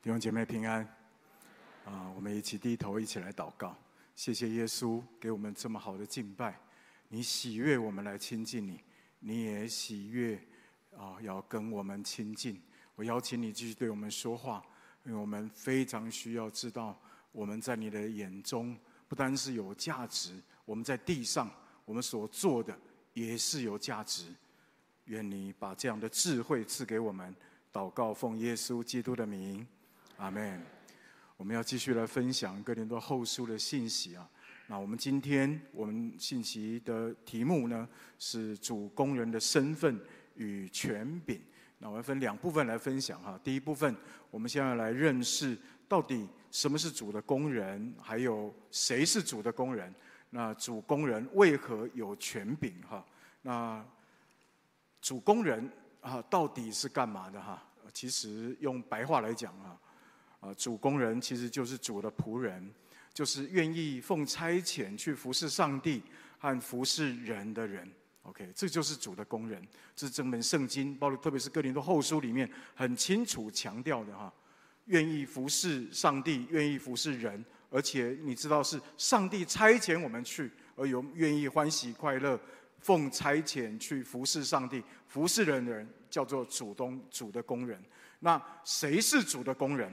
弟兄姐妹平安，啊，我們一起低頭，一起來禱告。謝謝耶穌給我們這麼好的敬拜，你喜悅我們來親近你，你也喜悅啊，要跟我們親近。我邀請你繼續對我們說話，因為我們非常需要知道，我們在你的眼中不單是有價值，我們在地上我們所做的也是有價值。願你把這樣的智慧賜給我們。禱告，奉耶穌基督的名。阿門！我們要繼續來分享哥林多後書的信息啊。那我們今天我們信息的題目呢是“主工人的身份與權柄”。那我們分兩部分來分享哈、啊。第一部分，我們先要來認識到底什麼是主的工人，還有誰是主的工人。那主工人為何有權柄哈、啊？那主工人啊，到底是幹嘛的哈、啊？其實用白話來講啊。啊，主工人其實就是主的僕人，就是願意奉差遣去服侍上帝和服侍人的人。OK，這就是主的工人。這是整本聖經，包括特別是哥林多後書裡面很清楚強調的哈，願意服侍上帝，願意服侍人，而且你知道是上帝差遣我們去，而有願意歡喜快樂奉差遣去服侍上帝、服侍人的人，叫做主工、主的工人。那誰是主的工人？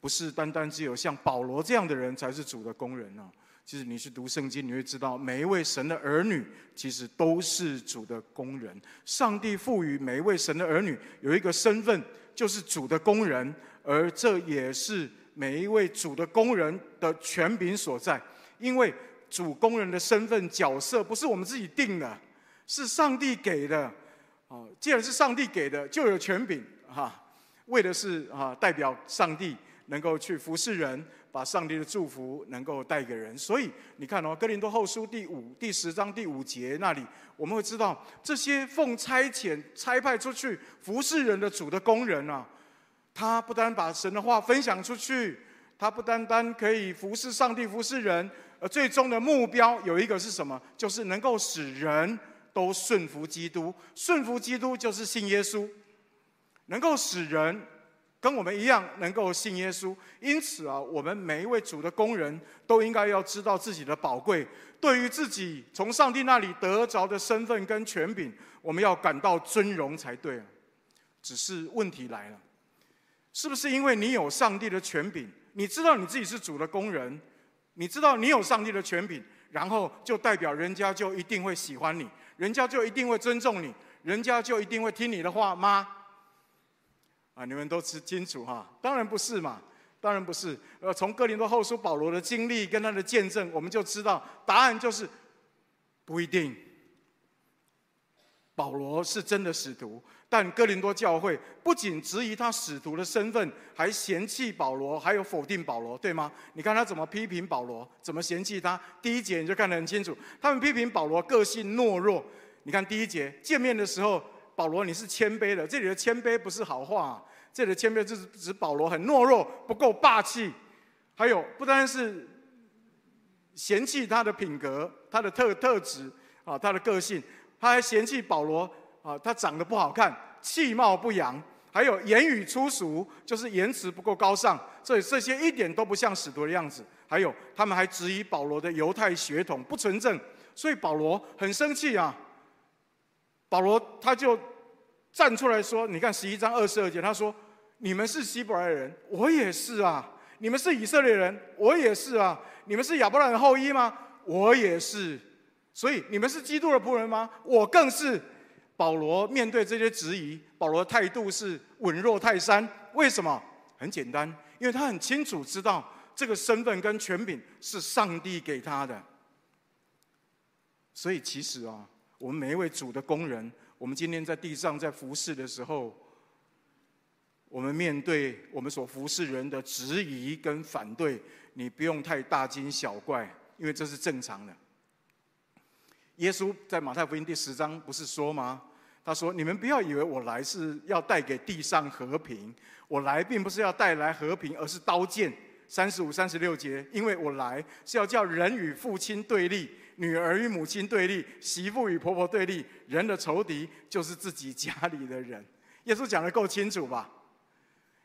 不是單單只有像保羅這樣的人才是主的工人呢？啊。其實你去讀聖經，你會知道，每一位神的兒女其實都是主的工人。上帝賦予每一位神的兒女有一個身份，就是主的工人。而這也是每一位主的工人的權柄所在，因為主工人的身份角色不是我們自己定的，是上帝給的。啊，既然是上帝給的，就有權柄啊，為的是啊代表上帝。能夠去服侍人，把上帝的祝福能夠帶給人。所以你看哦，《哥林多後書》第五第十章第五節那裡，我們會知道這些奉差遣、差派出去服侍人的主的工人啊，他不單把神的話分享出去，他不單單可以服侍上帝、服侍人，而最終的目標有一個是什麼？就是能夠使人都順服基督。順服基督就是信耶穌，能夠使人。跟我們一樣能夠信耶穌，因此啊，我們每一位主的工人都應該要知道自己的寶貴，對於自己從上帝那裡得着的身份跟權柄，我們要感到尊榮才對啊。只是問題來了，是不是因為你有上帝的權柄，你知道你自己是主的工人，你知道你有上帝的權柄，然後就代表人家就一定會喜歡你，人家就一定會尊重你，人家就一定會聽你的話嗎？啊，你們都知清楚哈，當然不是嘛，當然不是。呃，從哥林多後書保羅的經歷跟他的見證，我們就知道答案就是不一定。保羅是真的使徒，但哥林多教會不僅質疑他使徒的身份，還嫌棄保羅，還有否定保羅，對嗎？你看他怎麼批評保羅，怎麼嫌棄他。第一節你就看得很清楚，他們批評保羅個性懦弱。你看第一節，見面的時候。保羅，你是謙卑的。這裡的謙卑不是好話啊，這裡的謙卑就是指保羅很懦弱，不夠霸氣。還有不單是嫌棄他的品格、他的特特質啊，他的個性，他還嫌棄保羅啊，他長得不好看，其貌不揚，還有言語粗俗，就是言辭不夠高尚。所以這些一點都不像使徒的樣子。還有他們還質疑保羅的猶太血統不純正，所以保羅很生氣啊。保羅他就站出來說：“你看十一章二十二節，他說：‘你們是希伯來人，我也是啊；你們是以色列人，我也是啊；你們是亞伯拉罕的後裔嗎？我也是。所以你們是基督的僕人嗎？我更是。’保羅面對這些質疑，保羅態度是穩若泰山。為什麼？很簡單，因為他很清楚知道這個身份跟權柄是上帝給他的。所以其實啊。我們每一位主的工人，我們今天在地上在服侍的時候，我們面對我們所服侍人的質疑跟反對，你不用太大驚小怪，因為這是正常的。耶穌在馬太福音第十章不是說嗎？他說：“你們不要以為我來是要帶給地上和平，我來並不是要帶來和平，而是刀劍。”三十五、三十六節，因為我來是要叫人與父親對立。女兒與母親對立，媳婦與婆婆對立，人的仇敵就是自己家裡的人。耶穌講得夠清楚吧？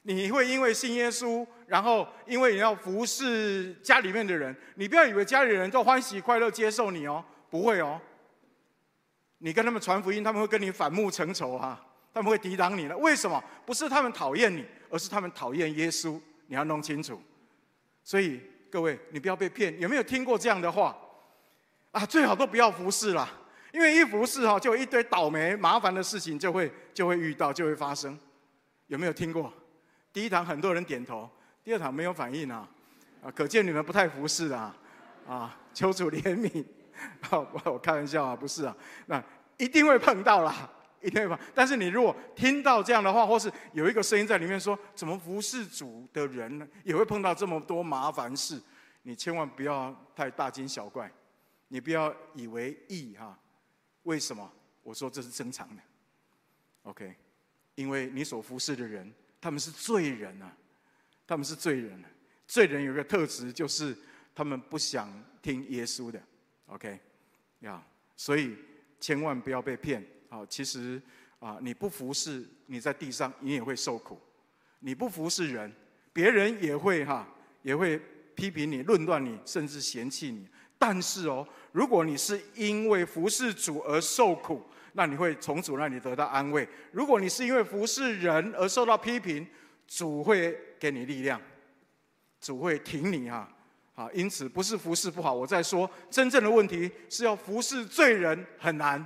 你會因為信耶穌，然後因為你要服侍家裡面的人，你不要以為家裡人都歡喜快樂接受你哦，不會哦。你跟他們傳福音，他們會跟你反目成仇啊，他們會抵擋你的。為什麼？不是他們討厭你，而是他們討厭耶穌。你要弄清楚。所以各位，你不要被騙。有沒有聽過這樣的話？啊，最好都不要服侍啦，因為一服侍哈、哦，就有一堆倒霉麻煩的事情就會就會遇到，就會發生。有沒有聽過？第一堂很多人點頭，第二堂沒有反應啊，啊，可見你們不太服侍啊。啊，求主憐憫、啊我我。我開玩笑啊，不是啊，那一定會碰到啦，一定會碰。但是你如果聽到這樣的話，或是有一個聲音在裡面說，怎麼服侍主的人呢，也會碰到這麼多麻煩事，你千萬不要太大驚小怪。你不要以為意哈，為什麼？我說這是正常的，OK，因為你所服侍的人，他們是罪人啊，他們是罪人。罪人有個特質，就是他們不想聽耶穌的，OK，呀，yeah？所以千萬不要被騙啊！其實啊，你不服侍，你在地上你也會受苦；你不服侍人，別人也會哈，也會批評你、論斷你，甚至嫌棄你。但是哦，如果你是因為服侍主而受苦，那你會從主那裡得到安慰；如果你是因為服侍人而受到批評，主會給你力量，主會挺你啊。好，因此不是服侍不好，我在說真正的問題是要服侍罪人很難。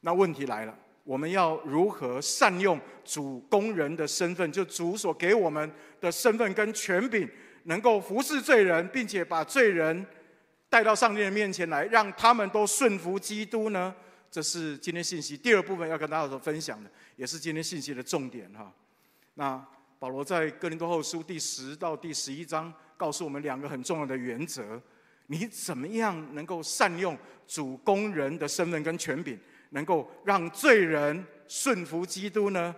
那問題來了，我們要如何善用主工人的身份，就主所給我們的身份跟權柄，能夠服侍罪人，並且把罪人帶到上帝的面前來，讓他們都順服基督呢？這是今天信息第二部分要跟大家所分享的，也是今天信息的重點哈。那保羅在哥林多後書第十到第十一章告訴我們兩個很重要的原則：你怎麼樣能夠善用主工人的身份跟權柄，能夠讓罪人順服基督呢？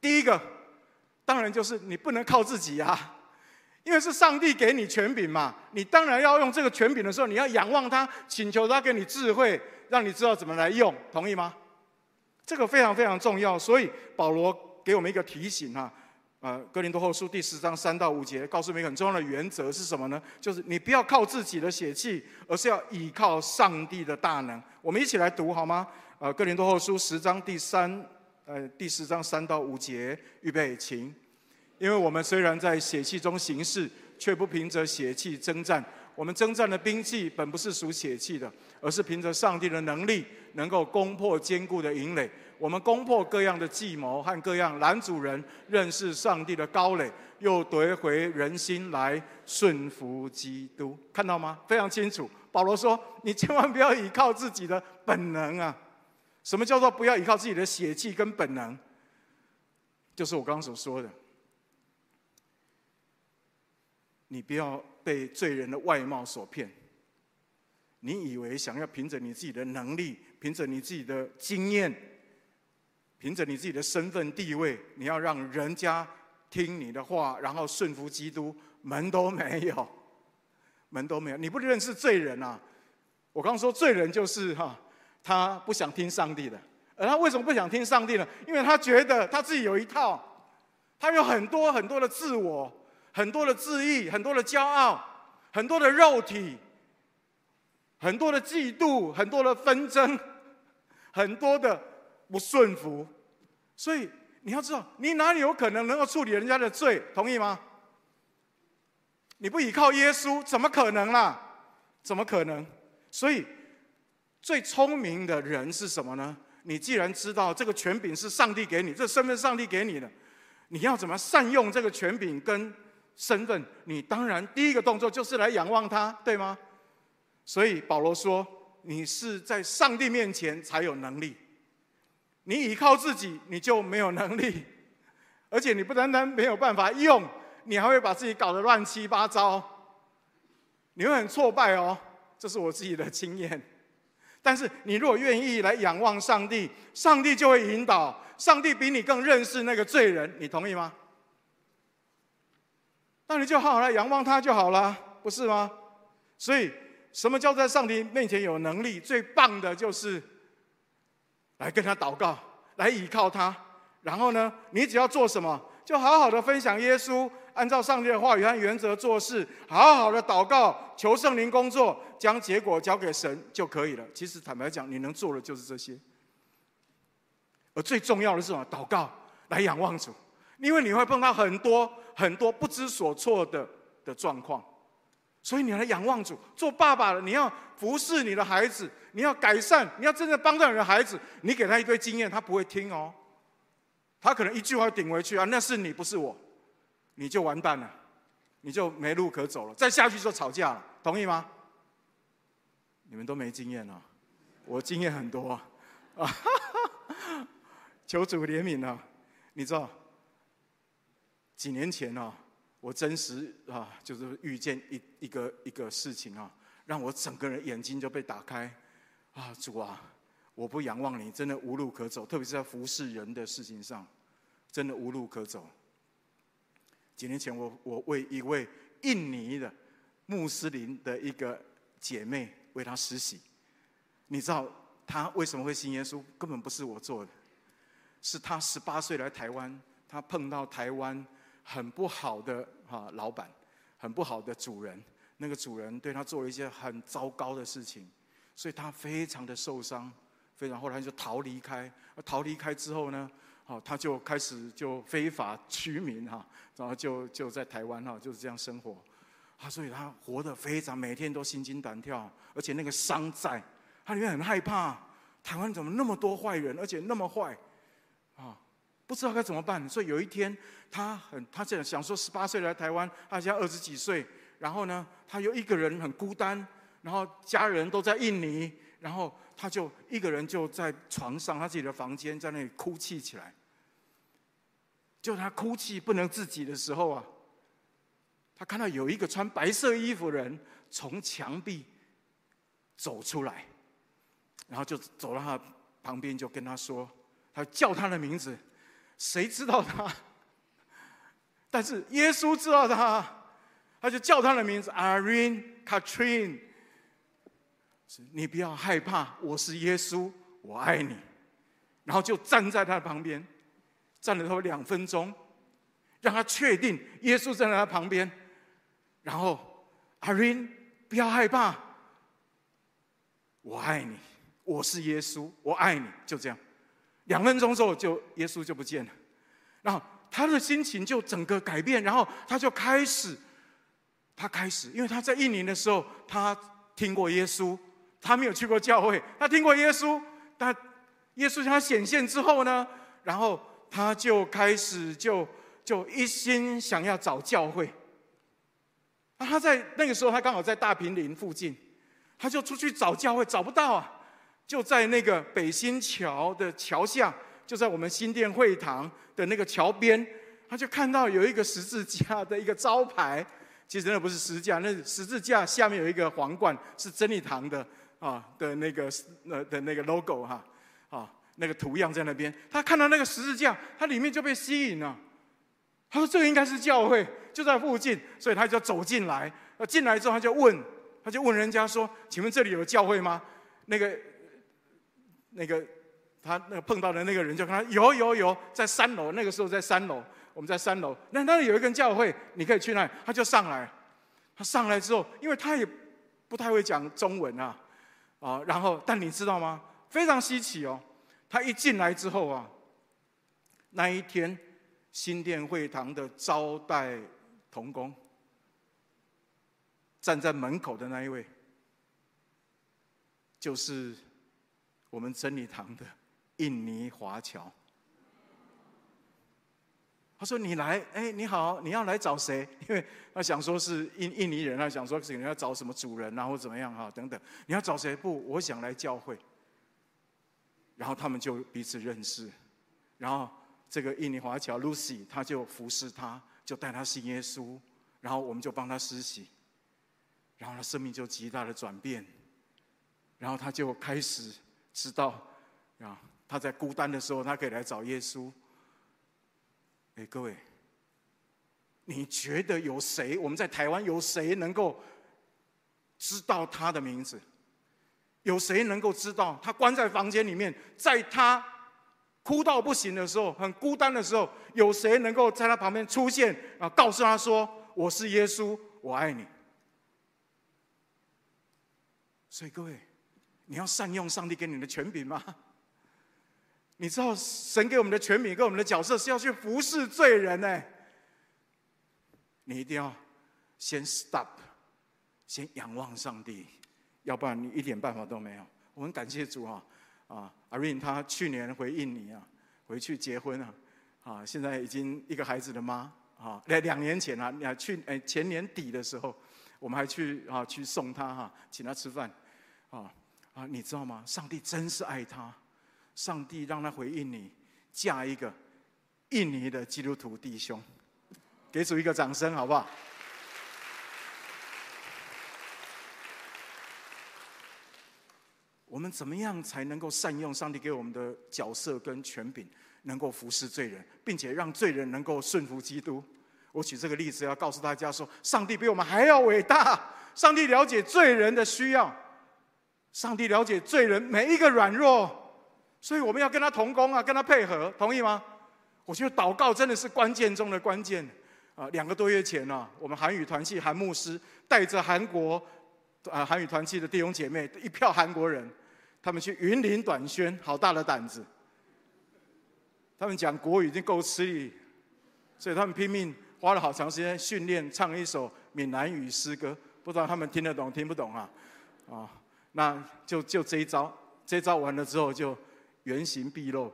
第一個，當然就是你不能靠自己呀、啊。因為是上帝給你權柄嘛，你當然要用這個權柄的時候，你要仰望他，請求他給你智慧，讓你知道怎麼來用，同意嗎？這個非常非常重要。所以保羅給我們一個提醒啊，呃，《哥林多後書》第十章三到五節，告訴你們一個很重要的原則是什麼呢？就是你不要靠自己的血氣，而是要倚靠上帝的大能。我們一起來讀好嗎？呃，《哥林多後書》十章第三、呃，第十章三到五節，預備，請。因為我們雖然在血氣中行事，卻不憑着血氣征戰。我們征戰的兵器本不是屬血氣的，而是憑着上帝的能力，能夠攻破堅固的營壘。我們攻破各樣的計謀和各樣攔阻人認識上帝的高壘，又奪回人心來順服基督。看到嗎？非常清楚。保羅說：“你千萬不要倚靠自己的本能啊！什麼叫做不要依靠自己的血氣跟本能？就是我剛剛所說的。”你不要被罪人的外貌所騙。你以為想要憑着你自己的能力，憑着你自己的經驗，憑着你自己的身份地位，你要讓人家聽你的話，然後順服基督，門都沒有，門都沒有。你不認識罪人吶！我剛說罪人就是哈，他不想聽上帝的，而他為什麼不想聽上帝呢？因為他覺得他自己有一套，他有很多很多的自我。很多的自義，很多的驕傲，很多的肉體，很多的嫉妒，很多的紛爭，很多的不順服。所以你要知道，你哪裡有可能能夠處理人家的罪？同意嗎？你不依靠耶穌，怎麼可能啦、啊？怎麼可能？所以最聰明的人是什麼呢？你既然知道這個權柄是上帝給你，這身份上帝給你的，你要怎麼善用這個權柄跟？身份，你當然第一個動作就是來仰望他，對嗎？所以保羅說，你是在上帝面前才有能力，你依靠自己你就沒有能力，而且你不單單沒有辦法用，你還會把自己搞得亂七八糟，你會很挫敗哦，這是我自己的經驗。但是你如果願意來仰望上帝，上帝就會引導，上帝比你更認識那個罪人，你同意嗎？那你就好好來仰望他就好了，不是嗎？所以，什麼叫在上帝面前有能力？最棒的就是來跟他禱告，來倚靠他。然後呢，你只要做什麼，就好好的分享耶穌，按照上帝的話語和原則做事，好好的禱告，求聖靈工作，將結果交給神就可以了。其實，坦白講，你能做的就是這些。而最重要的是什麼？禱告，來仰望主。因為你會碰到很多很多不知所措的的狀況，所以你來仰望主。做爸爸的你要服侍你的孩子，你要改善，你要真正幫助你的孩子，你給他一堆經驗，他不會聽哦，他可能一句話頂回去啊，那是你不是我，你就完蛋了，你就沒路可走了，再下去就吵架了，同意嗎？你們都沒經驗啊，我經驗很多啊， 求主憐憫啊，你知道。幾年前呢，我真實啊，就是遇見一一個一個事情啊，讓我整個人眼睛就被打開，啊主啊，我不仰望你，真的無路可走，特別是在服侍人的事情上，真的無路可走。幾年前我，我我為一位印尼的穆斯林的一個姐妹為她施洗，你知道她為什麼會信耶穌？根本不是我做的，是她十八歲來台灣，她碰到台灣。很不好的哈，老闆，很不好的主人。那個主人對他做了一些很糟糕的事情，所以他非常的受傷，非常，後來就逃離開。逃離開之後呢，好他就開始就非法居民哈，然後就就在台灣哈，就是這樣生活。啊，所以他活得非常每天都心驚膽跳，而且那個傷在，他裡面很害怕，台灣怎麼那麼多壞人，而且那麼壞。不知道該怎麼辦，所以有一天，他很，他想說十八歲來台灣，他現在二十幾歲，然後呢，他又一個人很孤單，然後家人都在印尼，然後他就一個人就在床上，他自己的房間在那裡哭泣起來。就他哭泣不能自己的時候啊，他看到有一個穿白色衣服的人從牆壁走出來，然後就走到他旁邊，就跟他說，他叫他的名字。誰知道他？但是耶穌知道他，他就叫他的名字，阿瑞，卡翠，你不要害怕，我是耶穌，我愛你。然後就站在他旁邊，站了他兩分鐘，讓他確定耶穌站在他旁邊。然後，阿瑞，不要害怕，我愛你，我是耶穌，我愛你，就這樣。兩分鐘之後，就耶穌就不見了。然後他的心情就整個改變，然後他就開始，他開始，因為他在印尼的時候，他聽過耶穌，他沒有去過教會，他聽過耶穌，但耶穌他顯現之後呢，然後他就開始就就一心想要找教會。那他在那個時候，他剛好在大坪林附近，他就出去找教會，找不到啊。就在那個北新橋的橋下，就在我們新店會堂的那個橋邊，他就看到有一個十字架的一個招牌。其實那不是十字架，那十字架下面有一個皇冠，是真理堂的啊的那個呃的那個 logo 哈啊那個圖樣在那邊。他看到那個十字架，他裡面就被吸引了。他說：“這個應該是教會，就在附近。”所以他就走進來。那進來之後，他就問，他就問人家說：“請問這裡有教會嗎？”那個。那個他那碰到的那個人就跟他有有有在三樓，那個時候在三樓，我們在三樓，那那裡有一個教會，你可以去那，他就上來，他上來之後，因為他也不太會講中文啊，啊，然後但你知道嗎？非常稀奇哦，他一進來之後啊，那一天新店會堂的招待同工站在門口的那一位就是。我們真理堂的印尼華僑，他說：“你來，哎，你好，你要來找誰？”因為他想說，是印印尼人啊，他想說你要找什麼主人啊，或怎麼樣啊，等等。你要找誰？不，我想來教會。然後他們就彼此認識，然後這個印尼華僑 Lucy，他就服侍他，就帶他信耶穌，然後我們就幫他施洗，然後他生命就極大的轉變，然後他就開始。知道，啊，他在孤單的時候，他可以來找耶穌。哎，各位，你覺得有誰？我們在台灣有誰能夠知道他的名字？有誰能夠知道他關在房間裡面，在他哭到不行的時候，很孤單的時候，有誰能夠在他旁邊出現啊？告訴他說：“我是耶穌，我愛你。”所以，各位。你要善用上帝給你的權柄嗎？你知道神給我們的權柄、跟我們的角色是要去服侍罪人呢？你一定要先 stop，先仰望上帝，要不然你一點辦法都沒有。我很感謝主啊！啊，阿琳，他去年回印尼啊，回去結婚啊，啊，現在已經一個孩子的媽啊。兩兩年前啊，去前年底的時候，我們還去啊去送他哈、啊，請他吃飯啊。啊，你知道嗎？上帝真是愛他，上帝讓他回印尼，嫁一個印尼的基督徒弟兄，給主一個掌聲好不好？我們怎麼樣才能夠善用上帝給我們的角色跟權柄，能夠服侍罪人，並且讓罪人能夠順服基督？我舉這個例子要告訴大家說，上帝比我們還要偉大，上帝了解罪人的需要。上帝了解罪人每一個軟弱，所以我們要跟他同工啊，跟他配合，同意嗎？我覺得禱告真的是關鍵中的關鍵。啊，兩個多月前呢，啊，我們韓語團契韓牧師帶着韓國啊韓語團契的弟兄姐妹一票韓國人，他們去雲林短宣，好大的膽子。他們講國語已經夠吃力，所以他們拼命花了好長時間訓練唱一首閩南語詩歌，不知道他們聽得懂聽不懂啊？啊。那就就這一招，這一招完了之後就原形畢露，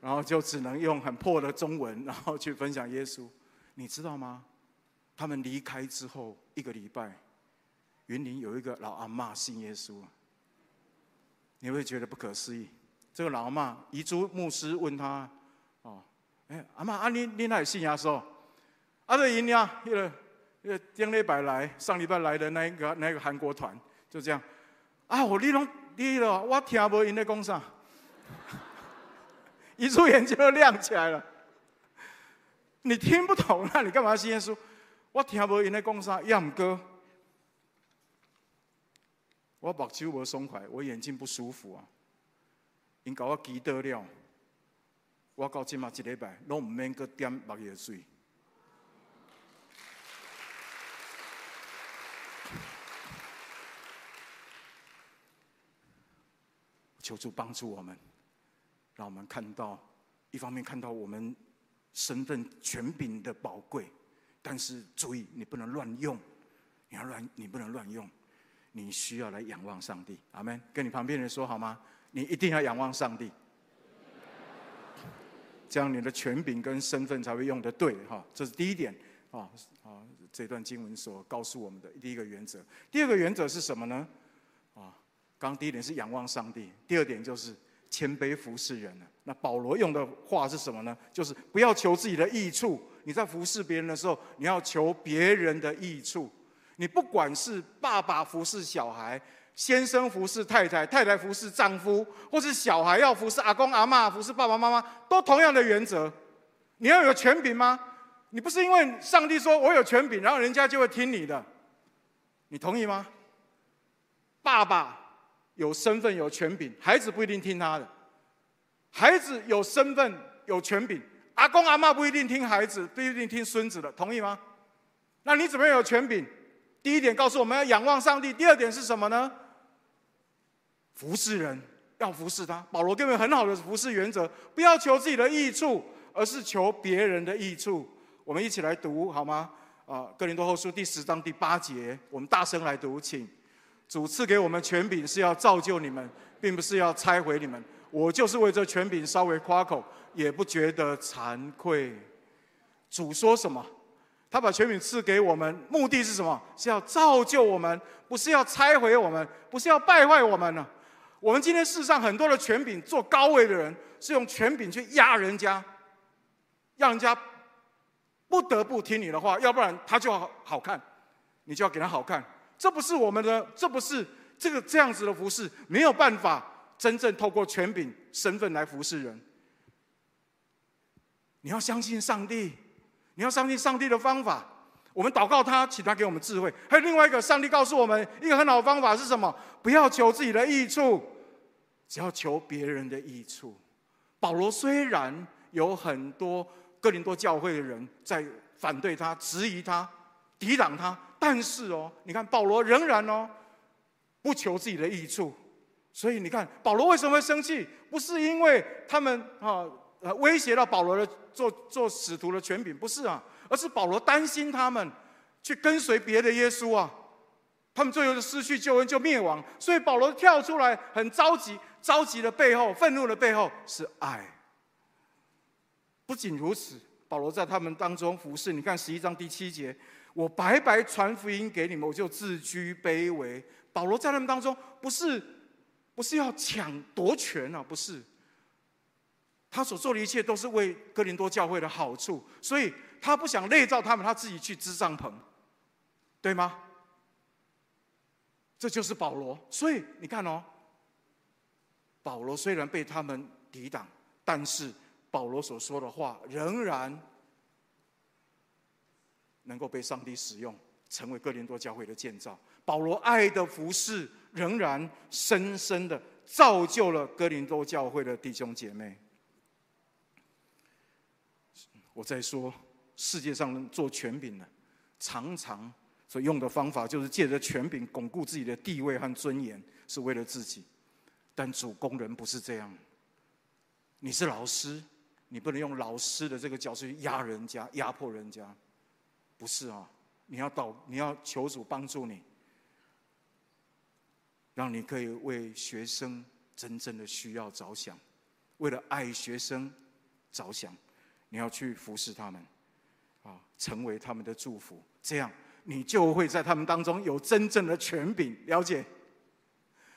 然後就只能用很破的中文，然後去分享耶穌。你知道嗎？他們離開之後一個禮拜，雲林有一個老阿嬤信耶穌，你會覺得不可思議。這個老阿嬤，遺珠牧師問他：“哦，哎、欸，阿嬤，阿、啊、你你哪有信耶、啊、穌？阿、啊、對，伊、啊、那一個呃、那個，上禮拜來上禮拜來的那個那個韓國團，就這樣。”啊！我你儂你儂，我聽無伊在講啥， 一出眼睛都亮起來了。你聽不懂、啊，那你幹嘛先說？我聽無伊在講啥，楊哥，我目睭無鬆快，我眼睛不舒服啊。因搞我疲勞了，我到今嘛一禮拜攏唔免擱點目藥水。求助幫助我們，讓我們看到一方面看到我們身份權柄的寶貴，但是注意你不能亂用，你要亂你不能亂用，你需要來仰望上帝。阿門。跟你旁邊人說好嗎？你一定要仰望上帝，這樣你的權柄跟身份才會用得對哈。這是第一點啊！啊！這段經文所告訴我們的第一個原則。第二個原則是什麼呢？啊。剛剛第一點是仰望上帝，第二點就是謙卑服侍人。那保羅用的話是什麼呢？就是不要求自己的益處。你在服侍別人的時候，你要求別人的益處。你不管是爸爸服侍小孩，先生服侍太太，太太服侍丈夫，或是小孩要服侍阿公阿媽，服侍爸爸媽媽，都同樣的原則。你要有權柄嗎？你不是因為上帝說我有權柄，然後人家就會聽你的，你同意嗎？爸爸。有身份、有權柄，孩子不一定聽他的。孩子有身份、有權柄，阿公阿嬤不一定聽孩子，不一定聽孫子的，同意嗎？那你怎麼樣有權柄？第一點告訴我們要仰望上帝，第二點是什麼呢？服侍人，要服侍他。保羅給我們很好的服侍原則，不要求自己的益處，而是求別人的益處。我們一起來讀好嗎？啊，哥林多後書第十章第八節，我們大聲來讀，請。主賜給我們權柄，是要造就你們，並不是要拆毀你們。我就是為這權柄稍微誇口，也不覺得慚愧。主說什麼？他把權柄賜給我們，目的是什麼？是要造就我們，不是要拆毀我們，不是要敗壞我們呢？我們今天世上很多的權柄，做高位的人是用權柄去壓人家，讓人家不得不聽你的話，要不然他就好看，你就要給他好看。這不是我們的，這不是這個這樣子的服侍，沒有辦法真正透過權柄、身份來服侍人。你要相信上帝，你要相信上帝的方法。我們禱告他，請他給我們智慧。還有另外一個，上帝告訴我們一個很好的方法是什麼？不要求自己的益處，只要求別人的益處。保羅雖然有很多哥林多教會的人在反對他、質疑他、抵擋他。但是哦，你看保羅仍然哦，不求自己的益處，所以你看保羅為什麼會生氣？不是因為他們啊，威脅到保羅的做做使徒的權柄，不是啊，而是保羅擔心他們去跟隨別的耶穌啊，他們最後就失去救恩就滅亡，所以保羅跳出來很着急，着急的背後，憤怒的背後是愛。不僅如此，保羅在他們當中服侍，你看十一章第七節。我白白傳福音給你們，我就自居卑微。保羅在他們當中不是，不是要搶奪權啊，不是。他所做的一切都是為哥林多教會的好處，所以他不想累著他們，他自己去支帳篷，對嗎？這就是保羅。所以你看哦，保羅雖然被他們抵擋，但是保羅所說的話仍然。能夠被上帝使用，成為哥林多教會的建造，保羅愛的服侍仍然深深的造就了哥林多教會的弟兄姐妹。我在說，世界上做權柄的，常常所用的方法就是借着權柄鞏固自己的地位和尊嚴，是為了自己。但主工人不是這樣，你是老師，你不能用老師的這個角色去壓人家、壓迫人家。不是啊，你要禱，你要求主幫助你，讓你可以為學生真正的需要着想，為了愛學生着想，你要去服侍他們，啊，成為他們的祝福，這樣你就會在他們當中有真正的權柄，了解？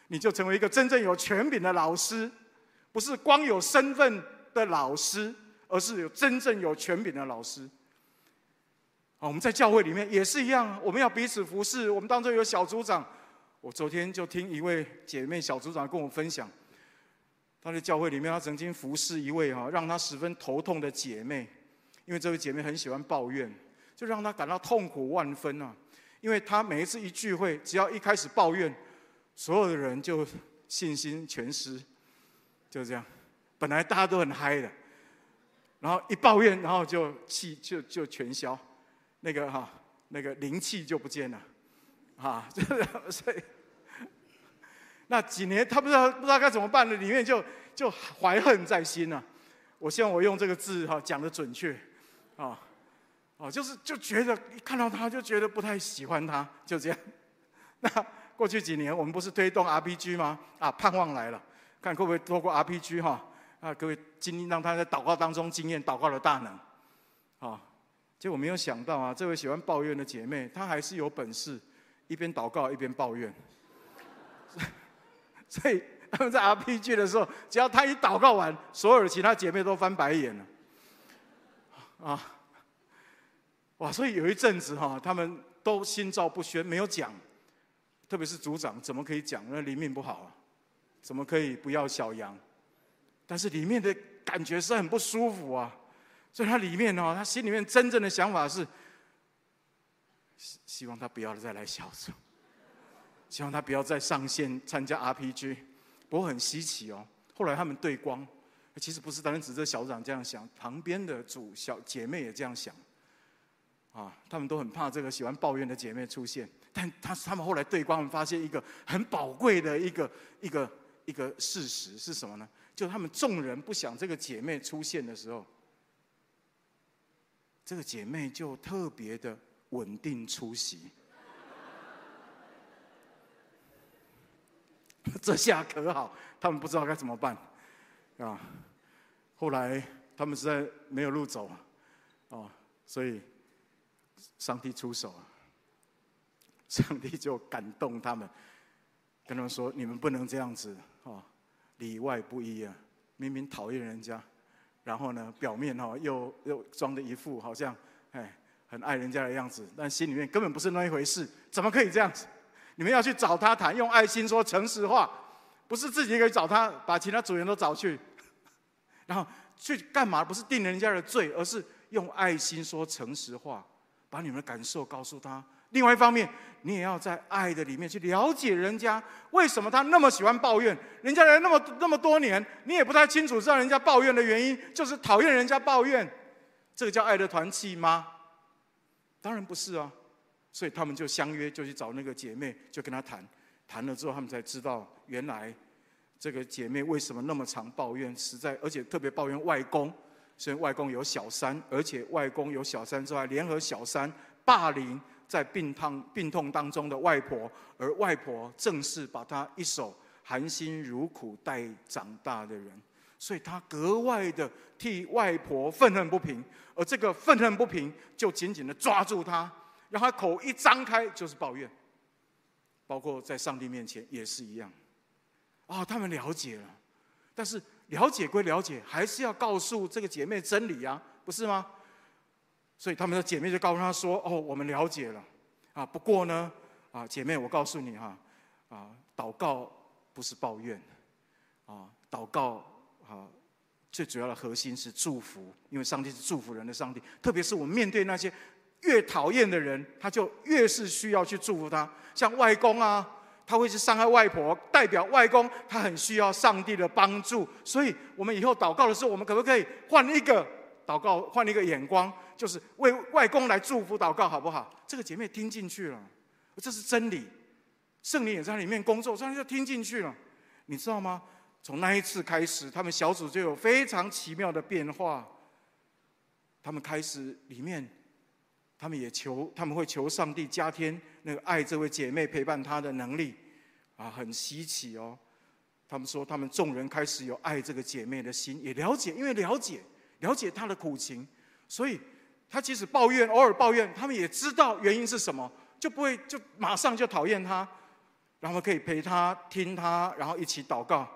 你就成為一個真正有權柄的老師，不是光有身份的老師，而是有真正有權柄的老師。啊，我們在教會裡面也是一樣，我們要彼此服侍。我們當中有小組長，我昨天就聽一位姐妹小組長跟我分享，她在教會裡面，她曾經服侍一位哈，讓她十分頭痛的姐妹，因為這位姐妹很喜歡抱怨，就讓她感到痛苦萬分啊。因為她每一次一聚會，只要一開始抱怨，所有的人就信心全失，就這樣。本來大家都很嗨的，然後一抱怨，然後就氣就就全消。那個哈，那個靈氣就不見了，哈、啊就是，所以那幾年他不知道不知道該怎麼辦了，裡面就就懷恨在心了。我希望我用這個字哈講得準確，啊，啊，就是就覺得一看到他就覺得不太喜歡他，就這樣。那過去幾年我們不是推動 RPG 嗎？啊，盼望來了，看可不可以透過 RPG 哈，啊，各位經歷讓他在禱告當中經驗禱告的大能，啊。結果我沒有想到啊，這位喜歡抱怨的姐妹，她還是有本事，一邊禱告一邊抱怨。所以，所以他們在 RPG 的時候，只要她一禱告完，所有的其他姐妹都翻白眼了。啊，哇！所以有一陣子哈，他們都心照不宣，沒有講。特別是組長，怎麼可以講？那靈命不好啊，怎麼可以不要小羊？但是裡面的感覺是很不舒服啊。所以他裡面哦、喔，他心裡面真正的想法是：希希望他不要再來小組，希望他不要再上線參加 RPG。不過很稀奇哦、喔，後來他們對光，其實不是單單指著小組長這樣想，旁邊的組小姐妹也這樣想。啊，他們都很怕這個喜歡抱怨的姐妹出現，但他是他們後來對光，我們發現一個很寶貴的一個,一個一個一個事實是什麼呢？就他們眾人不想這個姐妹出現的時候。這個姐妹就特別的穩定出席，這下可好，他們不知道該怎麼辦，啊！後來他們實在沒有路走，啊，所以上帝出手，上帝就感動他們，跟他們說：“你們不能這樣子啊，裡外不一啊，明明討厭人家。”然後呢，表面哈、哦、又又裝的一副好像哎很愛人家的樣子，但心裡面根本不是那一回事，怎麼可以這樣子？你們要去找他談，用愛心說誠實話，不是自己可以找他，把其他組員都找去，然後去幹嘛？不是定人家的罪，而是用愛心說誠實話，把你們的感受告訴他。另外一方面，你也要在愛的裡面去了解人家為什麼他那麼喜歡抱怨。人家來那麼那麼多年，你也不太清楚知道人家抱怨的原因，就是討厭人家抱怨。這個叫愛的團契嗎？當然不是啊。所以他們就相約就去找那個姐妹，就跟他談。談了之後，他們才知道原來這個姐妹為什麼那麼常抱怨，實在而且特別抱怨外公，所以外公有小三，而且外公有小三之外，聯合小三霸凌在病痛病痛當中的外婆，而外婆正是把她一手含辛茹苦帶長大的人，所以她格外的替外婆憤恨不平，而這個憤恨不平就緊緊的抓住她，讓她口一張開就是抱怨，包括在上帝面前也是一樣，啊、哦，他們了解了，但是了解歸了解，還是要告訴這個姐妹真理呀、啊，不是嗎？所以他們的姐妹就告訴他說：“哦，我們了解了，啊，不過呢，啊，姐妹，我告訴你哈，啊，禱告不是抱怨，啊，禱告啊，最主要的核心是祝福，因為上帝是祝福人的上帝。特別是我們面對那些越討厭的人，他就越是需要去祝福他。像外公啊，他會去傷害外婆，代表外公，他很需要上帝的幫助。所以我們以後禱告的時候，我們可不可以換一個禱告，換一個眼光？”就是為外公來祝福禱告，好不好？這個姐妹聽進去了，這是真理，聖靈也在裡面工作，這樣就聽進去了。你知道嗎？從那一次開始，他們小組就有非常奇妙的變化。他們開始裡面，他們也求，他們會求上帝加添那個愛這位姐妹陪伴她的能力啊，很稀奇哦。他們說，他們眾人開始有愛這個姐妹的心，也了解，因為了解了解她的苦情，所以。她即使抱怨，偶爾抱怨，他們也知道原因是什麼，就不會就馬上就討厭她，然後可以陪她聽她，然後一起禱告。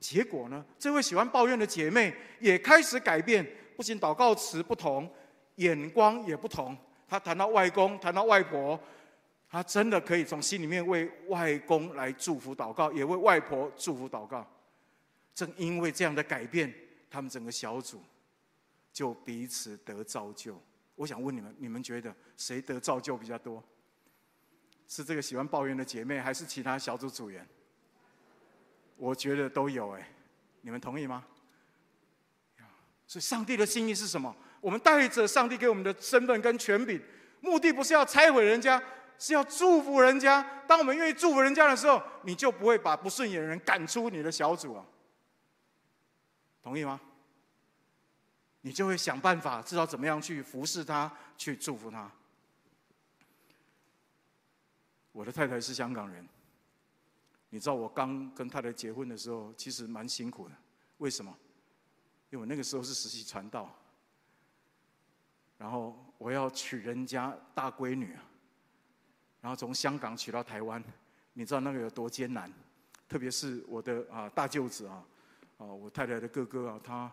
結果呢，這位喜歡抱怨的姐妹也開始改變，不僅禱告詞不同，眼光也不同。她談到外公，談到外婆，她真的可以從心裡面為外公來祝福禱告，也為外婆祝福禱告。正因為這樣的改變，他們整個小組就彼此得造就。我想問你們：你們覺得誰得造就比較多？是這個喜歡抱怨的姐妹，還是其他小組組員？我覺得都有哎，你們同意嗎？所以上帝的心意是什麼？我們帶着上帝給我們的身份跟權柄，目的不是要拆毀人家，是要祝福人家。當我們願意祝福人家的時候，你就不會把不順眼的人趕出你的小組啊！同意嗎？你就會想辦法知道怎麼樣去服侍他，去祝福他。我的太太是香港人，你知道我剛跟太太結婚的時候其實蠻辛苦的，為什麼？因為我那個時候是實習傳道，然後我要娶人家大閨女啊，然後從香港娶到台灣，你知道那個有多艱難？特別是我的啊大舅子啊，啊我太太的哥哥啊，他。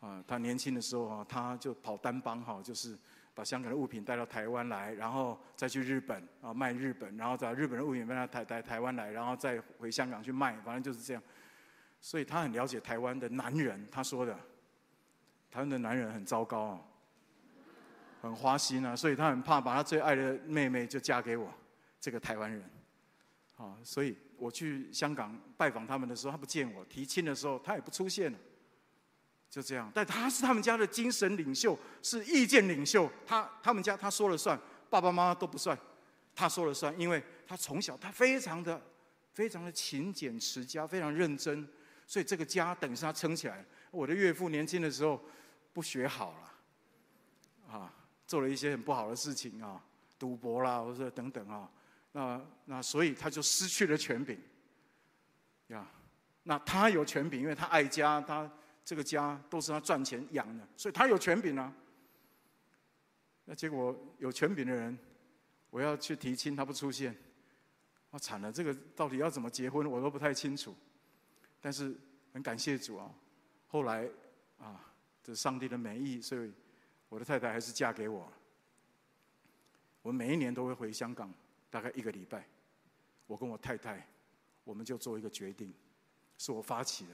啊，他年輕的時候啊，他就跑單幫哈，就是把香港的物品帶到台灣來，然後再去日本啊賣日本，然後再把日本的物品賣到台台台灣來，然後再回香港去賣，反正就是這樣。所以他很了解台灣的男人，他說的，台灣的男人很糟糕啊，很花心啊，所以他很怕把他最愛的妹妹就嫁給我這個台灣人。啊，所以我去香港拜訪他們的時候，他不見我提親的時候，他也不出現就這樣，但他是他們家的精神領袖，是意見領袖，他他們家他說了算，爸爸媽媽都不算，他說了算，因為他從小他非常的非常的勤儉持家，非常認真，所以這個家等於是他撐起來。我的岳父年輕的時候不學好了，啊，做了一些很不好的事情啊、哦，賭博啦或者等等啊、哦，那那所以他就失去了權柄，呀，那他有權柄，因為他愛家，他。這個家都是他賺錢養的，所以他有權柄啊。那結果有權柄的人，我要去提親，他不出現啊，我慘了。這個到底要怎麼結婚，我都不太清楚。但是很感謝主啊，後來啊，這上帝的美意，所以我的太太還是嫁給我啊。我每一年都會回香港，大概一個禮拜，我跟我太太，我們就做一個決定，是我發起的。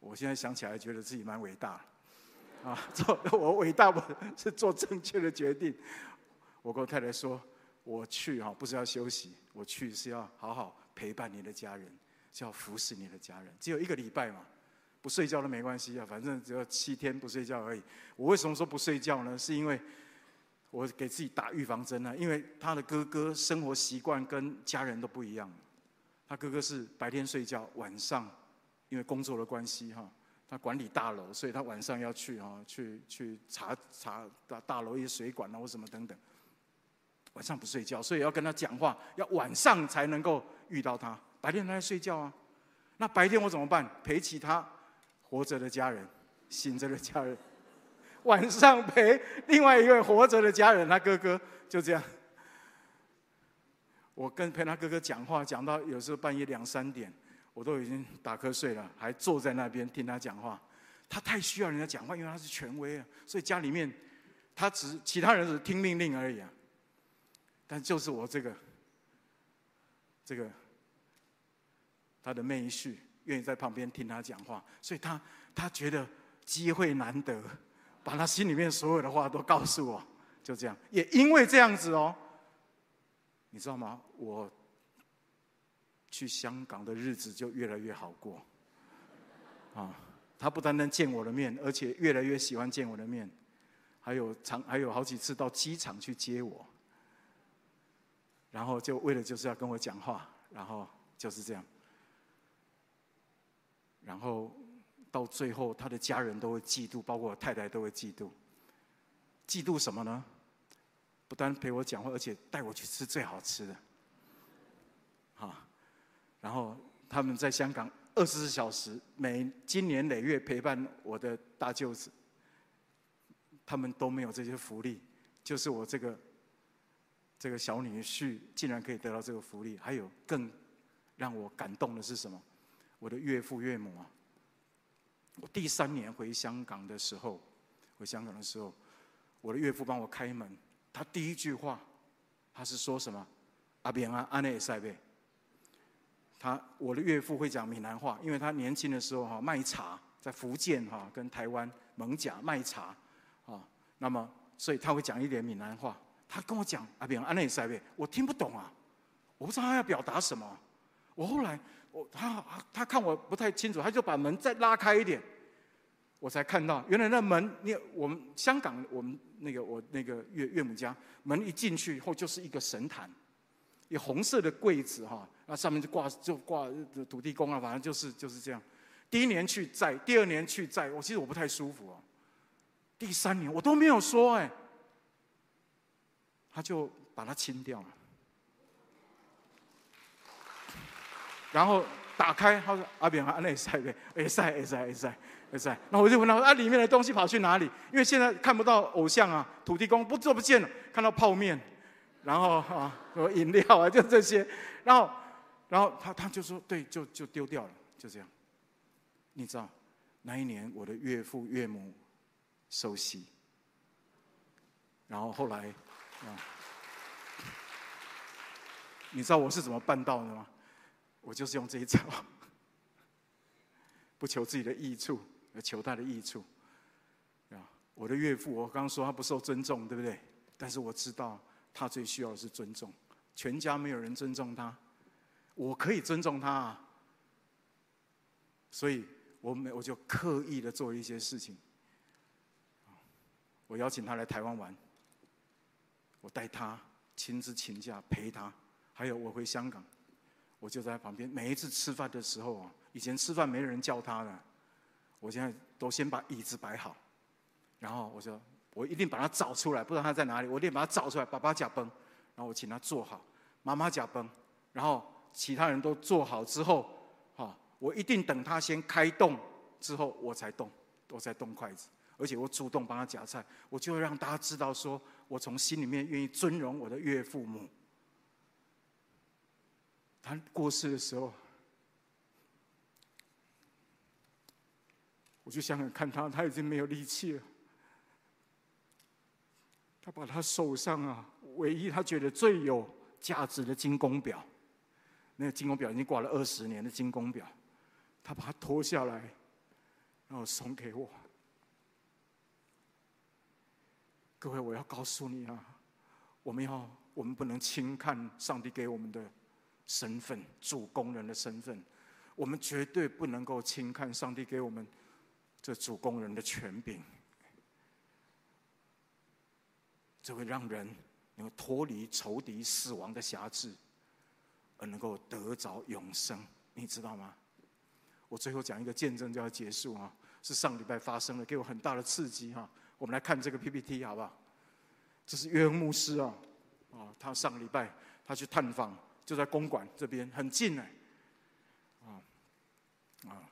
我現在想起來，覺得自己蠻偉大，啊，做我偉大，我是做正確的決定。我跟我太太說，我去哈，不是要休息，我去是要好好陪伴你的家人，是要服侍你的家人。只有一個禮拜嘛，不睡覺都沒關係啊，反正只有七天不睡覺而已。我為什麼說不睡覺呢？是因為我給自己打預防針呢，因為他的哥哥生活習慣跟家人都不一樣，他哥哥是白天睡覺，晚上。因為工作的關係哈，他管理大樓，所以他晚上要去哈，去去查查大大樓一些水管啊或什麼等等。晚上不睡覺，所以要跟他講話，要晚上才能夠遇到他。白天他在睡覺啊，那白天我怎麼辦？陪其他活着的家人，醒着的家人，晚上陪另外一位活着的家人，他哥哥就這樣。我跟陪他哥哥講話，講到有時候半夜兩三點。我都已經打瞌睡了，還坐在那邊聽他講話。他太需要人家講話，因為他是權威啊，所以家裡面他只是其他人只是聽命令而已啊。但就是我這個，這個他的妹婿願意在旁邊聽他講話，所以他他覺得機會難得，把他心裡面所有的話都告訴我，就這樣。也因為這樣子哦，你知道嗎？我。去香港的日子就越來越好過，啊！他不單單見我的面，而且越來越喜歡見我的面，還有常還有好幾次到機場去接我，然後就為了就是要跟我講話，然後就是這樣，然後到最後他的家人都會嫉妒，包括我太太都會嫉妒，嫉妒什麼呢？不但陪我講話，而且帶我去吃最好吃的，啊！然後他們在香港二十四小時每今年累月陪伴我的大舅子，他們都沒有這些福利，就是我這個這個小女婿竟然可以得到這個福利。還有更讓我感動的是什麼？我的岳父岳母啊，我第三年回香港的時候，回香港的時候，我的岳父幫我開門，他第一句話他是說什麼阿、啊？阿扁阿阿內塞貝。他，我的岳父會講閩南話，因為他年輕的時候哈賣茶，在福建哈跟台灣、蒙甲賣茶，啊，那麼所以他會講一點閩南話。他跟我講阿餅阿內塞，我聽不懂啊，我不知道他要表達什麼。我後來我他他看我不太清楚，他就把門再拉開一點，我才看到原來那門，你我們香港我們那個我那個岳岳母家門一進去以後就是一個神壇。有紅色的櫃子哈、啊，那上面就掛就掛土地公啊，反正就是就是這樣。第一年去栽，第二年去栽，我、哦、其實我不太舒服啊。第三年我都沒有說哎、欸，他就把它清掉了。 然後打開，他說：“阿、啊、炳，啊，那你塞唄，也塞，也塞，也塞，也塞。”那我就問他：“那裡面的東西跑去哪裡？”因為現在看不到偶像啊，土地公不做不見了，看到泡麵。然後啊，喝飲料啊，就這些。然後，然後他他就說：“對，就就丟掉了，就這樣。”你知道，那一年我的岳父岳母受洗，然後後來啊，嗯、你知道我是怎麼辦到的嗎？我就是用這一招，不求自己的益處，而求他的益處。啊、嗯，我的岳父，我剛剛說他不受尊重，對不對？但是我知道。他最需要的是尊重，全家沒有人尊重他，我可以尊重他啊，所以我們我就刻意的做一些事情。我邀請他來台灣玩，我帶他親自請假陪他，還有我回香港，我就在旁邊。每一次吃飯的時候啊，以前吃飯沒人叫他的，我現在都先把椅子擺好，然後我說，我一定把他找出來，不知道他在哪裡，我一定把他找出來。爸爸駕崩，然後我請他坐好，媽媽駕崩，然後其他人都坐好之後，哈，我一定等他先開動之後，我才動，我才動筷子，而且我主動幫他夾菜，我就會讓大家知道說我從心裡面願意尊榮我的岳父母。他過世的時候，我去香港看他，他已經沒有力氣了。他把他手上啊，唯一他覺得最有價值的精工錶，那個精工錶已經掛了二十年的精工錶，他把它脫下來，然後送給我。各位，我要告訴你啊，我們要，我們不能輕看上帝給我們的身份，主工人的身份，我們絕對不能夠輕看上帝給我們這主工人的權柄。就會讓人能夠脫離仇敵死亡的轄制，而能夠得着永生，你知道嗎？我最後講一個見證就要結束啊，是上禮拜發生的，給我很大的刺激哈、啊。我們來看這個 PPT 好不好？這是約翰牧師啊，啊、哦，他上禮拜他去探訪，就在公館這邊很近呢。啊、哦，啊、哦、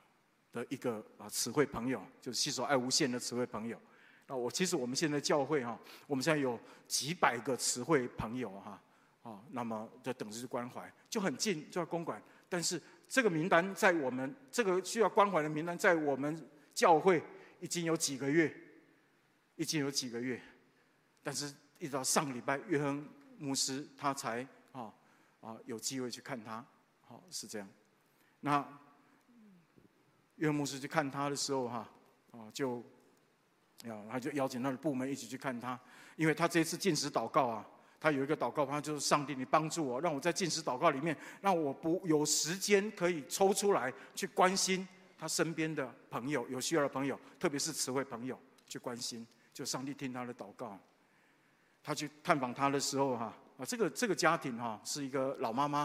的一個啊詞彙朋友，就是吸手愛無限的詞彙朋友。啊，我其實我們現在教會哈，我們現在有幾百個慈惠朋友哈，啊，那麼在等着去關懷，就很近就在公館，但是這個名單在我們這個需要關懷的名單在我們教會已經有幾個月，已經有幾個月，但是一直到上個禮拜，岳亨牧師他才啊啊有機會去看他，好是這樣，那岳牧師去看他的時候哈，啊，就。啊，他就邀請他的部門一起去看他，因為他這次禁食禱告啊，他有一個禱告，他就是上帝，你幫助我，讓我在禁食禱告裡面，讓我不有時間可以抽出來去關心他身邊的朋友，有需要的朋友，特別是慈惠朋友去關心，就上帝聽他的禱告。他去探訪他的時候哈，啊，這個這個家庭哈、啊、是一個老媽媽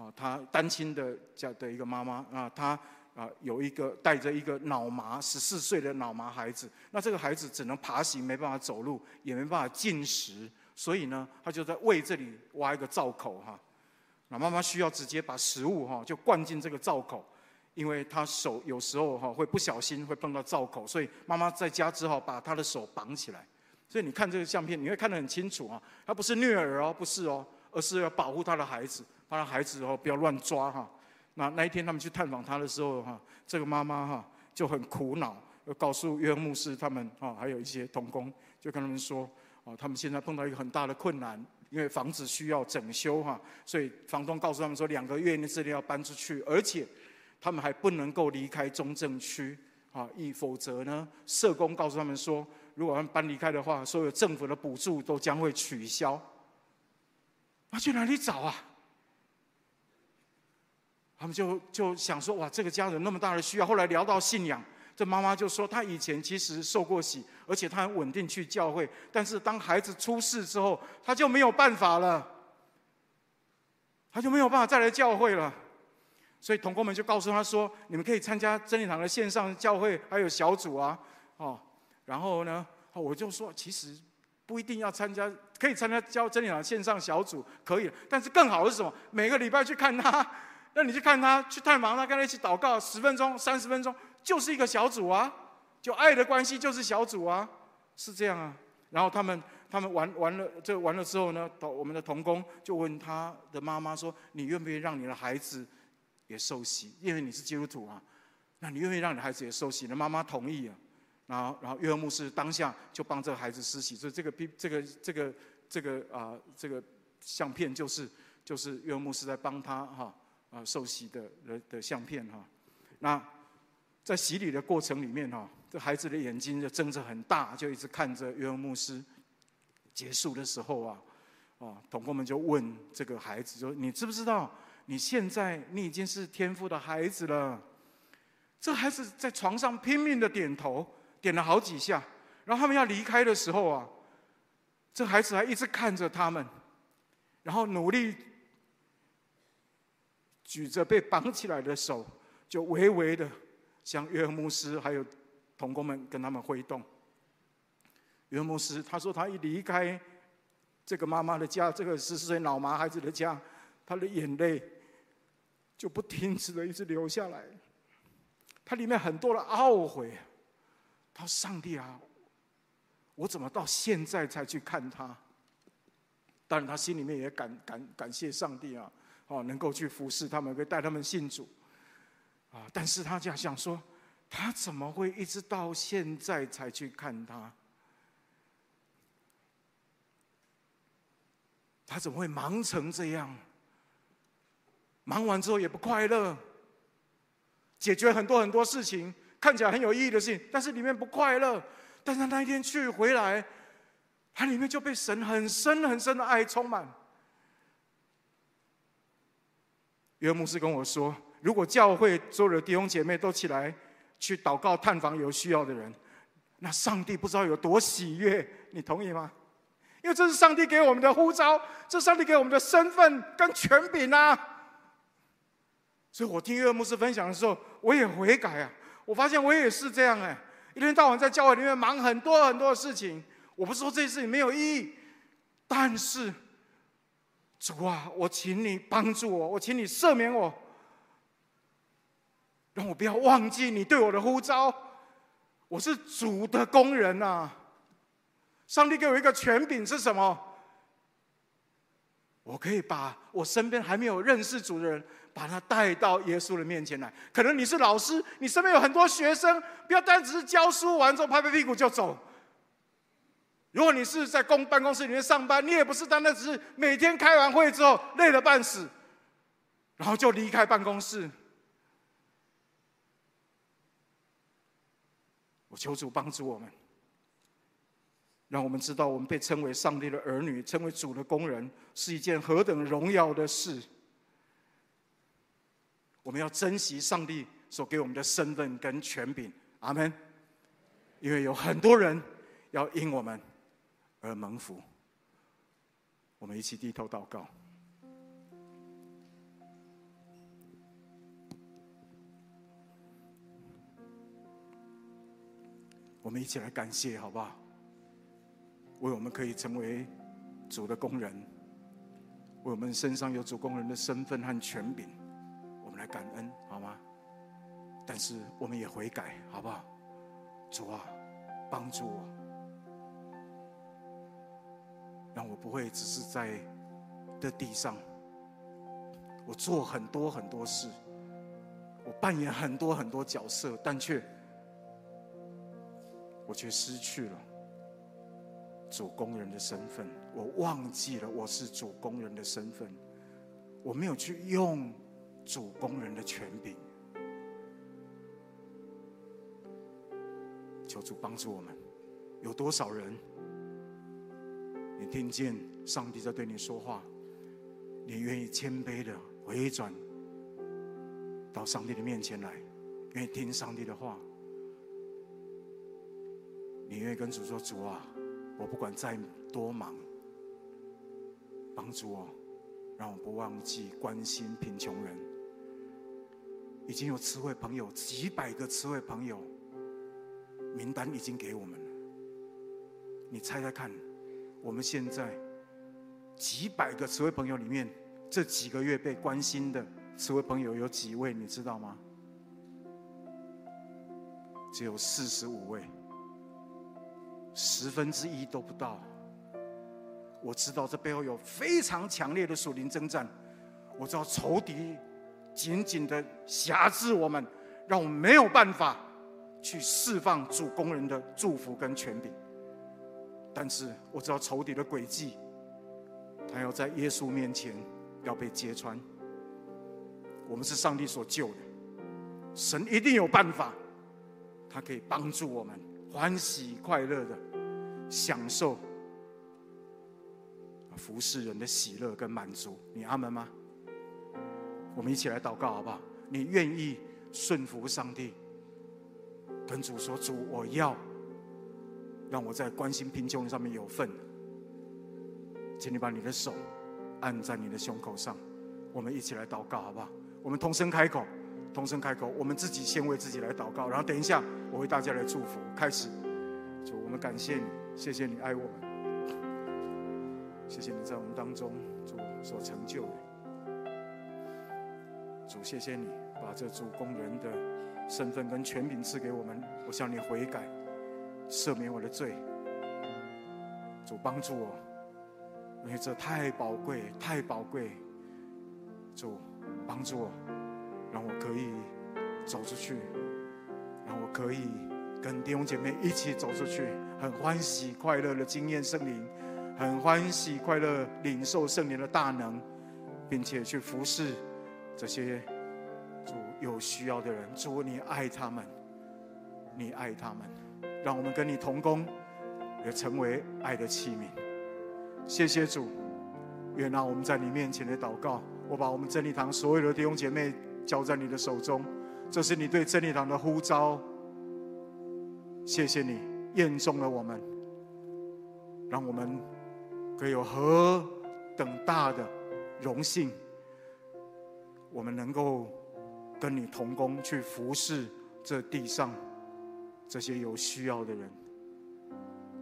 啊，他單親的家的一個媽媽啊，啊、呃，有一個帶着一個腦麻十四歲的腦麻孩子，那這個孩子只能爬行，沒辦法走路，也沒辦法進食，所以呢，他就在胃這裡挖一個造口哈，那、啊、媽媽需要直接把食物哈、啊、就灌進這個造口，因為他手有時候哈、啊、會不小心會碰到造口，所以媽媽在家只好把他的手綁起來，所以你看這個相片，你會看得很清楚啊，他不是虐兒哦，不是哦，而是要保護他的孩子，他的孩子哦、啊、不要亂抓哈。啊那那一天，他們去探訪他的時候，哈，這個媽媽哈就很苦惱，又告訴岳牧師他們，哈，還有一些同工，就跟他們說，啊，他們現在碰到一個很大的困難，因為房子需要整修哈，所以房東告訴他們說，兩個月之內要搬出去，而且他們還不能夠離開中正區，啊，一否則呢，社工告訴他們說，如果他們搬離開的話，所有政府的補助都將會取消，那去哪裡找啊？他們就就想說，哇，這個家人那麼大的需要。後來聊到信仰，這媽媽就說，她以前其實受過洗，而且她很穩定去教會。但是當孩子出事之後，她就沒有辦法了，她就沒有辦法再來教會了。所以同工們就告訴她說，你們可以參加真理堂的線上教會，還有小組啊，哦，然後呢，我就說，其實不一定要參加，可以參加教真理堂線上小組可以了，但是更好的是什麼？每個禮拜去看她。那你去看他去探忙他，跟他一起禱告十分鐘、三十分鐘，就是一個小組啊，就愛的關係就是小組啊，是這樣啊。然後他們他們玩完了，這完了之後呢，我們的童工就問他的媽媽說：“你願不願意讓你的孩子也受洗？因為你是基督徒啊，那你願不願意讓你的孩子也受洗？”那媽媽同意啊。然後然後約牧師當下就幫這個孩子施洗，所以這個這個這個這個啊、呃、這個相片就是就是約牧師在幫他哈。啊，受洗的人的，的相片哈，那在洗禮的過程裡面哈，這孩子的眼睛就睜着很大，就一直看着約瑟牧師。結束的時候啊，啊，同工們就問這個孩子說：“你知不知道你現在你已經是天父的孩子了？”這孩子在床上拼命的點頭，點了好幾下。然後他們要離開的時候啊，這孩子還一直看着他們，然後努力，舉着被綁起來的手，就微微的向約瑟牧師還有同工們跟他們揮動。約瑟牧師他說他一離開這個媽媽的家，這個十四歲腦麻孩子的家，他的眼淚就不停止的一直流下來。他裡面很多的懊悔。他說：“上帝啊，我怎麼到現在才去看他？”當然他心裡面也感感感謝上帝啊。哦，能夠去服侍他們，可以帶他們信主，啊！但是他就想說，他怎麼會一直到現在才去看他？他怎麼會忙成這樣？忙完之後也不快樂，解決很多很多事情，看起來很有意義的事情，但是裡面不快樂。但是那一天去回來，他裡面就被神很深很深的愛充滿。岳牧師跟我說：“如果教會所有的弟兄姐妹都起來去禱告、探訪有需要的人，那上帝不知道有多喜悅。”你同意嗎？因為這是上帝給我們的呼召，這是上帝給我們的身份跟權柄吶啊。所以我聽岳牧師分享的時候，我也悔改啊！我發現我也是這樣啊，一天到晚在教會裡面忙很多很多的事情。我不是說這些事情沒有意義，但是……主啊，我請你幫助我，我請你赦免我，讓我不要忘記你對我的呼召。我是主的工人吶、啊，上帝給我一個權柄是什麼？我可以把我身邊還沒有認識主的人，把他帶到耶穌的面前來。可能你是老師，你身邊有很多學生，不要單單只是教書完之後拍拍屁股就走。如果你是在公辦公室裡面上班，你也不是單單只是每天開完會之後累得半死，然後就離開辦公室。我求主幫助我們，讓我們知道我們被稱為上帝的兒女，稱為主的工人是一件何等榮耀的事。我們要珍惜上帝所給我們的身份跟權柄，阿門。因為有很多人要因我們而蒙福，我們一起低頭禱告。我們一起來感謝，好不好？為我們可以成為主的工人，為我們身上有主工人的身份和權柄，我們來感恩，好嗎？但是我們也悔改，好不好？主啊，幫助我。讓我不會只是在這地上，我做很多很多事，我扮演，很多很多角色，但卻我卻失去了主工人的身份，我忘記了我是主工人的身份，我沒有去用主工人的權柄，求主幫助我們。有多少人？你聽見上帝在對你說話，你願意謙卑的回轉到上帝的面前來，願意聽上帝的話。你願意跟主說：“主啊，我不管再多忙，幫助我，讓我不忘記關心貧窮人。”已經有慈惠朋友幾百個慈惠朋友名單已經給我們了，你猜猜看？我們現在幾百個詞彙朋友裡面，這幾個月被關心的詞彙朋友有幾位，你知道嗎？只有四十五位，十分之一都不到。我知道這背後有非常強烈的屬靈爭戰，我知道仇敵緊緊的挾制我們，讓我們沒有辦法去釋放主工人的祝福跟權柄。但是我知道仇敵的詭計，他要在耶穌面前要被揭穿。我們是上帝所救的，神一定有辦法，他可以幫助我們歡喜快樂的享受服侍人的喜樂跟滿足。你阿門嗎？我們一起來禱告好不好？你願意順服上帝，跟主說，主我要，讓我在關心貧窮上面有份，請你把你的手按在你的胸口上，我們一起來禱告，好不好？我們同聲開口，同聲開口。我們自己先為自己來禱告，然後等一下我為大家來祝福。開始，主，我們感謝你，謝謝你愛我們，謝謝你在我們當中所成就的。主，謝謝你把這主工人的身份跟權柄賜給我們，我向你悔改，赦免我的罪，主幫助我，因為這太寶貴，太寶貴。主幫助我，讓我可以走出去，讓我可以跟弟兄姐妹一起走出去，很歡喜快樂的經驗聖靈，很歡喜快樂領受聖靈的大能，並且去服侍這些主有需要的人。主，你愛他們，你愛他們。讓我們跟你同工，也成為愛的器皿。謝謝主，原諒我們在你面前的禱告，我把我們真理堂所有的弟兄姐妹交在你的手中。這是你對真理堂的呼召。謝謝你驗中了我們，讓我們可以有何等大的榮幸，我們能夠跟你同工去服侍這地上這些有需要的人，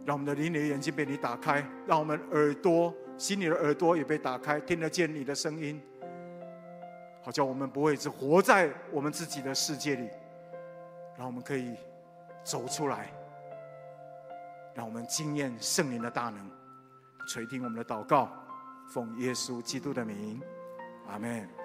讓我們的靈的眼睛被你打開，讓我們耳朵、心裡的耳朵也被打開，聽得見你的聲音。好像我們不會只活在我們自己的世界裡，讓我們可以走出來，讓我們經驗聖靈的大能，垂聽我們的禱告，奉耶穌基督的名，阿門。